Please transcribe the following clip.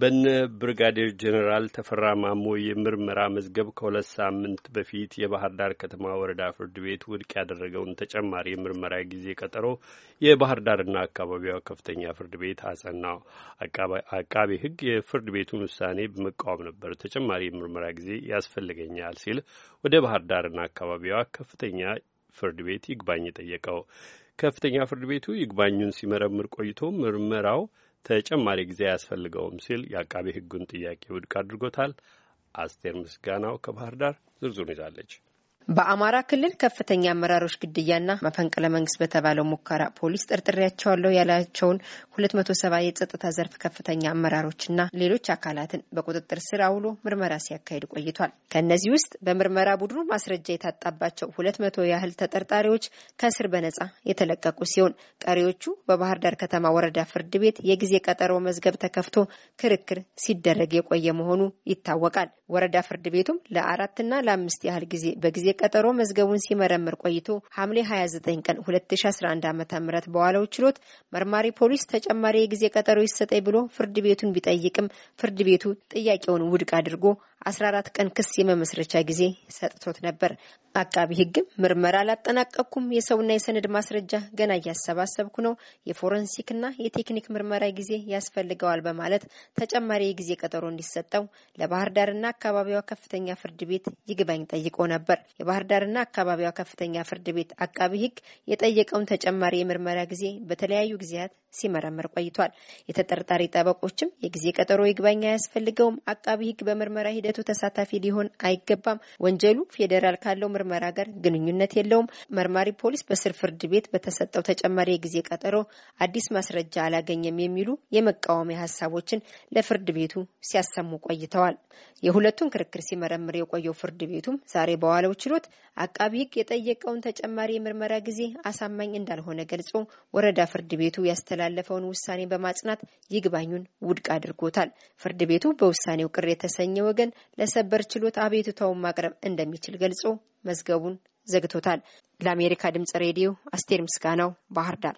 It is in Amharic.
በነ ብርጋዴር ጀኔራል ተፈራ ማሞ የምርመራ መዝገብ ከሁለት ሳምንት በፊት የባህር ዳር ከተማ ወረዳ ፍርድ ቤት ውድቅ ያደረገውን ተጨማሪ የምርመራ ጊዜ ቀጠሮ የባህር ዳርና አካባቢዋ ከፍተኛ ፍርድ ቤት አጸናው። አቃቤ ሕግ የፍርድ ቤቱን ውሳኔ በመቃወም ነበር ተጨማሪ የምርመራ ጊዜ ያስፈልገኛል ሲል ወደ ባህር ዳርና አካባቢዋ ከፍተኛ ፍርድ ቤት ይግባኝ የጠየቀው። ከፍተኛ ፍርድ ቤቱ ይግባኙን ሲመረምር ቆይቶ ምርመራው ተጨማሪ ጊዜ አያስፈልገውም ሲል የአቃቤ ሕጉን ጥያቄ ውድቅ አድርጎታል። አስቴር ምስጋናው ከባህር ዳር ዝርዝሩን ይዛለች። በአማራ ክልል ከፍተኛ አመራሮች ግድያና መፈንቅለ መንግስት በተባለው ሙከራ ፖሊስ ጠርጥሬያቸዋለሁ ያላቸውን ሁለት መቶ ሰባ የጸጥታ ዘርፍ ከፍተኛ አመራሮችና ሌሎች አካላትን በቁጥጥር ስር አውሎ ምርመራ ሲያካሂድ ቆይቷል። ከእነዚህ ውስጥ በምርመራ ቡድኑ ማስረጃ የታጣባቸው ሁለት መቶ ያህል ተጠርጣሪዎች ከእስር በነጻ የተለቀቁ ሲሆን ቀሪዎቹ በባህር ዳር ከተማ ወረዳ ፍርድ ቤት የጊዜ ቀጠሮ መዝገብ ተከፍቶ ክርክር ሲደረግ የቆየ መሆኑ ይታወቃል። ወረዳ ፍርድ ቤቱም ለአራትና ለአምስት ያህል ጊዜ በጊዜ ቀጠሮ መዝገቡን ሲመረምር ቆይቶ ሐምሌ 29 ቀን 2011 ዓ ም በዋለው ችሎት መርማሪ ፖሊስ ተጨማሪ የጊዜ ቀጠሮ ይሰጠኝ ብሎ ፍርድ ቤቱን ቢጠይቅም ፍርድ ቤቱ ጥያቄውን ውድቅ አድርጎ አስራ አራት ቀን ክስ የመመስረቻ ጊዜ ሰጥቶት ነበር። አቃቢ ሕግም ምርመራ አላጠናቀቅኩም፣ የሰውና የሰነድ ማስረጃ ገና እያሰባሰብኩ ነው፣ የፎረንሲክና የቴክኒክ ምርመራ ጊዜ ያስፈልገዋል በማለት ተጨማሪ የጊዜ ቀጠሮ እንዲሰጠው ለባህር ዳርና አካባቢዋ ከፍተኛ ፍርድ ቤት ይግባኝ ጠይቆ ነበር። የባህር ዳርና አካባቢዋ ከፍተኛ ፍርድ ቤት አቃቢ ሕግ የጠየቀውን ተጨማሪ የምርመራ ጊዜ በተለያዩ ጊዜያት ሲመረምር ቆይቷል። የተጠርጣሪ ጠበቆችም የጊዜ ቀጠሮ ይግባኝ አያስፈልገውም፣ አቃቢ ሕግ በምርመራ ሂደ ሂደቱ ተሳታፊ ሊሆን አይገባም። ወንጀሉ ፌዴራል ካለው ምርመራ ጋር ግንኙነት የለውም። መርማሪ ፖሊስ በስር ፍርድ ቤት በተሰጠው ተጨማሪ የጊዜ ቀጠሮ አዲስ ማስረጃ አላገኘም የሚሉ የመቃወሚያ ሀሳቦችን ለፍርድ ቤቱ ሲያሰሙ ቆይተዋል። የሁለቱን ክርክር ሲመረምር የቆየው ፍርድ ቤቱም ዛሬ በዋለው ችሎት አቃቢ ሕግ የጠየቀውን ተጨማሪ የምርመራ ጊዜ አሳማኝ እንዳልሆነ ገልጾ ወረዳ ፍርድ ቤቱ ያስተላለፈውን ውሳኔ በማጽናት ይግባኙን ውድቅ አድርጎታል። ፍርድ ቤቱ በውሳኔው ቅር የተሰኘ ወገን ለሰበር ችሎት አቤቱታውን ማቅረብ እንደሚችል ገልጾ መዝገቡን ዘግቶታል። ለአሜሪካ ድምጽ ሬዲዮ አስቴር ምስጋናው ባህር ዳር